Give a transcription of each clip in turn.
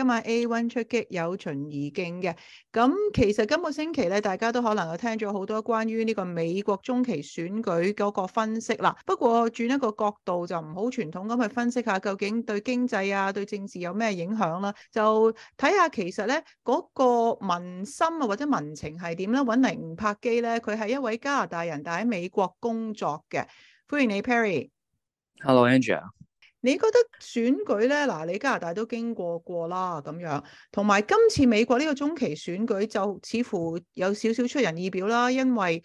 今日 A1 出擊有順而敬嘅，咁其實今個星期咧，大家都可能有聽咗好多關於呢個美國中期選舉嗰個分析啦。不過轉一個角度就唔好傳統咁去分析下，究竟對經濟啊、對政治有咩影響啦？就睇下其實咧嗰個民心啊或者民情係點啦。揾嚟吳柏基咧，佢係一位加拿大人，但喺美國工作嘅。歡迎你，Perry。Hello，Angela。你覺得選舉咧嗱，你加拿大都經過過啦咁樣，同埋今次美國呢個中期選舉就似乎有少少出人意表啦，因為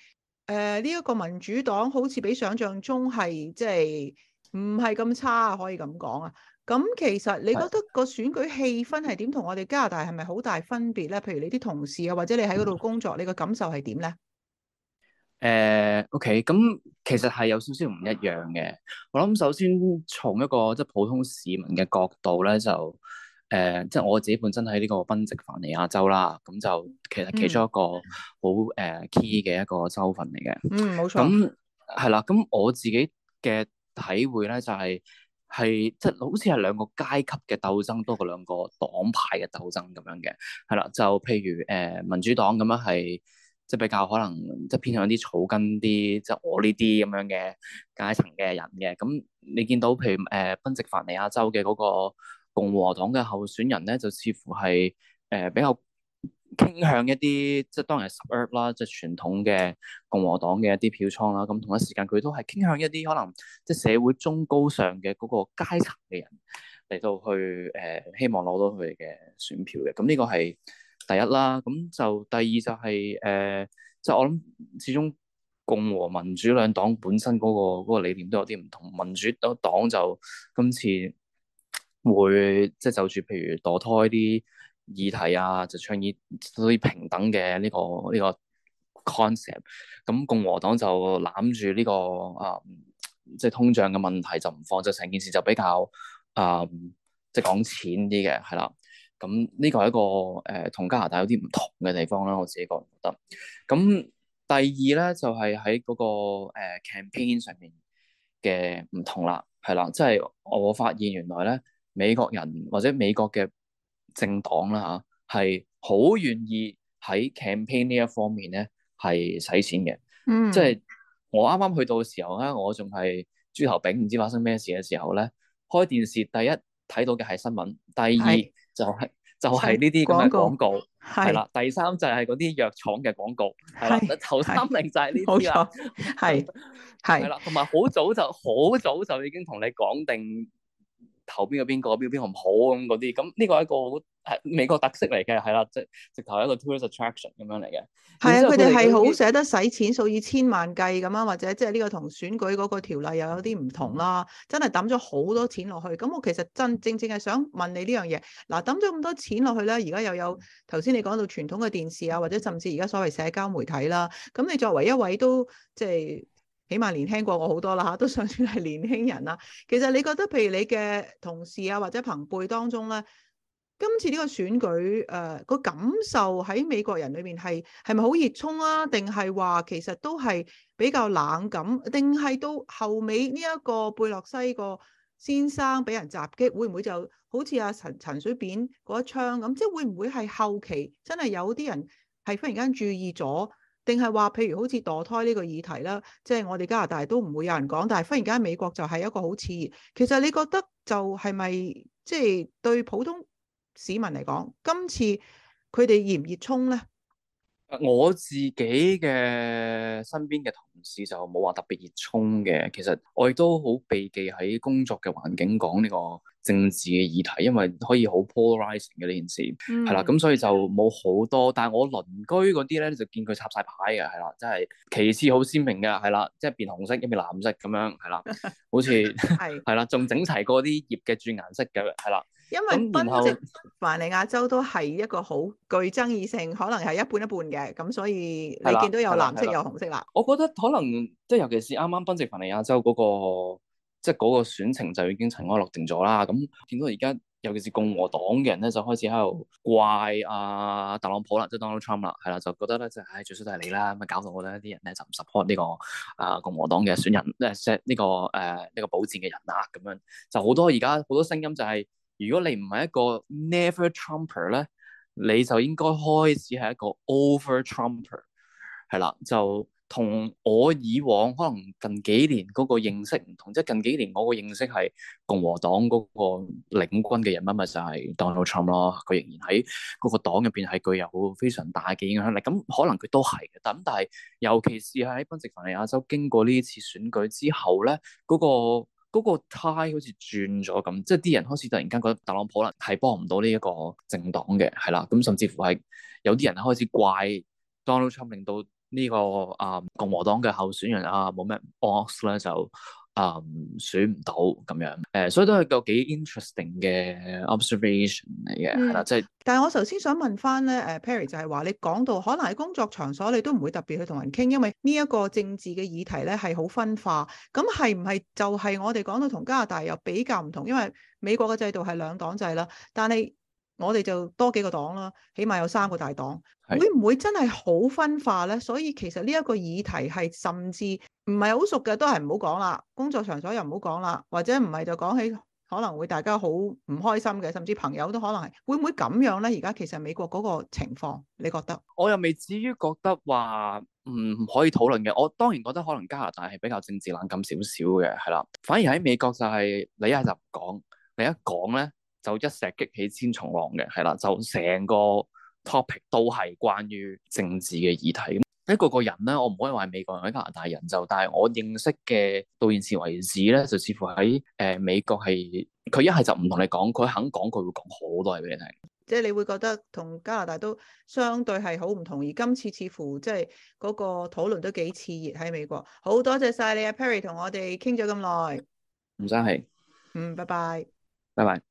誒呢一個民主黨好似比想象中係即係唔係咁差，可以咁講啊。咁其實你覺得個選舉氣氛係點？同我哋加拿大係咪好大分別咧？譬如你啲同事啊，或者你喺嗰度工作，嗯、你個感受係點咧？誒、呃。O.K. 咁其實係有少少唔一樣嘅。我諗首先從一個即係、就是、普通市民嘅角度咧，就誒即係我自己本身喺呢個賓夕凡尼亞州啦。咁就其實其中一個好誒 key 嘅一個州份嚟嘅。嗯，冇錯。咁係啦，咁我自己嘅體會咧就係係即係好似係兩個階級嘅鬥爭多過兩個黨派嘅鬥爭咁樣嘅。係啦，就譬如誒、呃、民主黨咁樣係。即係比較可能，即係偏向啲草根啲，即係我呢啲咁樣嘅階層嘅人嘅。咁你見到譬如誒、呃、賓夕法尼亞州嘅嗰個共和黨嘅候選人咧，就似乎係誒、呃、比較傾向一啲，即係當然係十 u 啦，即係傳統嘅共和黨嘅一啲票倉啦。咁同一時間佢都係傾向一啲可能即係社會中高上嘅嗰個階層嘅人嚟到去誒、呃，希望攞到佢哋嘅選票嘅。咁呢個係。第一啦，咁就第二就係誒即係我諗始終共和民主兩黨本身嗰個嗰個理念都有啲唔同。民主黨就今次會即係就住譬如墮胎啲議題啊，就倡議嗰啲平等嘅呢個呢個 concept、嗯。咁共和黨就攬住呢個啊、呃，即係通脹嘅問題就唔放，就成件事就比較啊、呃，即係講錢啲嘅，係啦。咁呢個係一個誒同、呃、加拿大有啲唔同嘅地方啦，我自己個人覺得。咁、嗯、第二咧就係喺嗰個、呃、campaign 上面嘅唔同啦，係啦，即係我發現原來咧美國人或者美國嘅政黨啦嚇係好願意喺 campaign 呢一方面咧係使錢嘅，嗯，即係我啱啱去到嘅時候咧，我仲係豬頭炳，唔知發生咩事嘅時候咧，開電視第一睇到嘅係新聞，第二。就係就係呢啲咁嘅廣告，係啦。第三就係嗰啲藥廠嘅廣告，係啦。頭三名就係呢啲啦，係係啦。同埋好早就好早就已經同你講定。投邊個邊個，表現好唔好咁嗰啲，咁呢個係一個好係美國特色嚟嘅，係啦，即係直頭係一個 tourist attraction 咁樣嚟嘅。係啊的，佢哋係好捨得使錢，數以千萬計咁啊，或者即係呢個同選舉嗰個條例又有啲唔同啦。真係抌咗好多錢落去。咁我其實真正正係想問你呢樣嘢。嗱，抌咗咁多錢落去咧，而家又有頭先你講到傳統嘅電視啊，或者甚至而家所謂社交媒體啦。咁你作為一位都即係。起碼年輕過我好多啦嚇，都尚算係年輕人啦。其實你覺得，譬如你嘅同事啊，或者朋輩當中咧，今次呢個選舉誒個感受喺美國人裏面係係咪好熱衷啊？定係話其實都係比較冷感？定係到後尾呢一個貝洛西個先生俾人襲擊，會唔會就好似阿陳陳水扁嗰一槍咁？即係會唔會係後期真係有啲人係忽然間注意咗？定係話，譬如好似墮胎呢個議題啦，即係我哋加拿大都唔會有人講，但係忽然間美國就係一個好似熱。其實你覺得就係咪即係對普通市民嚟講，今次佢哋熱唔熱衷咧？我自己嘅身邊嘅同事就冇話特別熱衷嘅，其實我亦都好避忌喺工作嘅環境講呢個。政治嘅議題，因為可以好 polarizing 嘅呢件事，係啦、嗯，咁所以就冇好多。但係我鄰居嗰啲咧就見佢插晒牌嘅，係啦，即係旗幟好鮮明嘅，係啦，即係變紅色、一面藍色咁樣，係啦，好似係係啦，仲 的整齊過啲葉嘅轉顏色嘅，樣，係啦。因為賓夕凡尼亞州都係一個好具爭議性，可能係一半一半嘅，咁所以你見到有藍色有紅色啦。我覺得可能即係尤其是啱啱賓夕凡尼亞州嗰、那個。即係嗰個選情就已經塵埃落定咗啦。咁見到而家尤其是共和黨嘅人咧，就開始喺度怪啊特朗普啦，即係 Donald Trump 啦，係啦，就覺得咧就係唉，最衰都係你啦，咁咪搞到我哋啲人咧就唔 support 呢個啊共和黨嘅選人，即係呢個誒呢個保薦嘅人啦。咁樣就好多而家好多聲音就係，如果你唔係一個 Never Trumper 咧，你就應該開始係一個 Over Trumper 係啦，就。同我以往可能近幾年嗰個認識唔同，即係近幾年我個認識係共和黨嗰個領軍嘅人物咪就係、是、Donald Trump 咯，佢仍然喺嗰個黨入邊係具有非常大嘅影響力。咁可能佢都係嘅，但咁但係尤其是係喺賓夕凡尼亞州經過呢一次選舉之後咧，嗰、那個嗰、那個態好似轉咗咁，即係啲人開始突然間覺得特朗普能係幫唔到呢一個政黨嘅，係啦，咁甚至乎係有啲人開始怪 Donald Trump 令到。呢、這個啊、嗯、共和黨嘅候選人啊冇咩 box 咧就啊、嗯、選唔到咁樣，誒所以都係個幾 interesting 嘅 observation 嚟嘅，係啦、嗯，即係、就是。但係我頭先想問翻咧，誒 Perry 就係話你講到可能喺工作場所你都唔會特別去同人傾，因為呢一個政治嘅議題咧係好分化。咁係唔係就係我哋講到同加拿大又比較唔同，因為美國嘅制度係兩黨制啦，但係，我哋就多幾個黨啦，起碼有三個大黨，是的 會唔會真係好分化咧？所以其實呢一個議題係甚至唔係好熟嘅，都係唔好講啦。工作場所又唔好講啦，或者唔係就講起可能會大家好唔開心嘅，甚至朋友都可能係會唔會咁樣咧？而家其實美國嗰個情況，你覺得？我又未至於覺得話唔、嗯、可以討論嘅，我當然覺得可能加拿大係比較政治冷感少少嘅，係啦，反而喺美國就係你一就唔講，你一講咧。你一就一石激起千重浪嘅，係啦，就成個 topic 都係關於政治嘅議題。一個個人咧，我唔可以話美國人、加拿大人就，但係我認識嘅到現時為止咧，就似乎喺誒美國係佢一係就唔同你講，佢肯講，佢會講好多嘢俾你聽。即係你會覺得同加拿大都相對係好唔同，而今次似乎即係嗰個討論都幾熾熱喺美國。好多謝晒你啊，Perry 同我哋傾咗咁耐，唔使氣，嗯，拜拜，拜拜。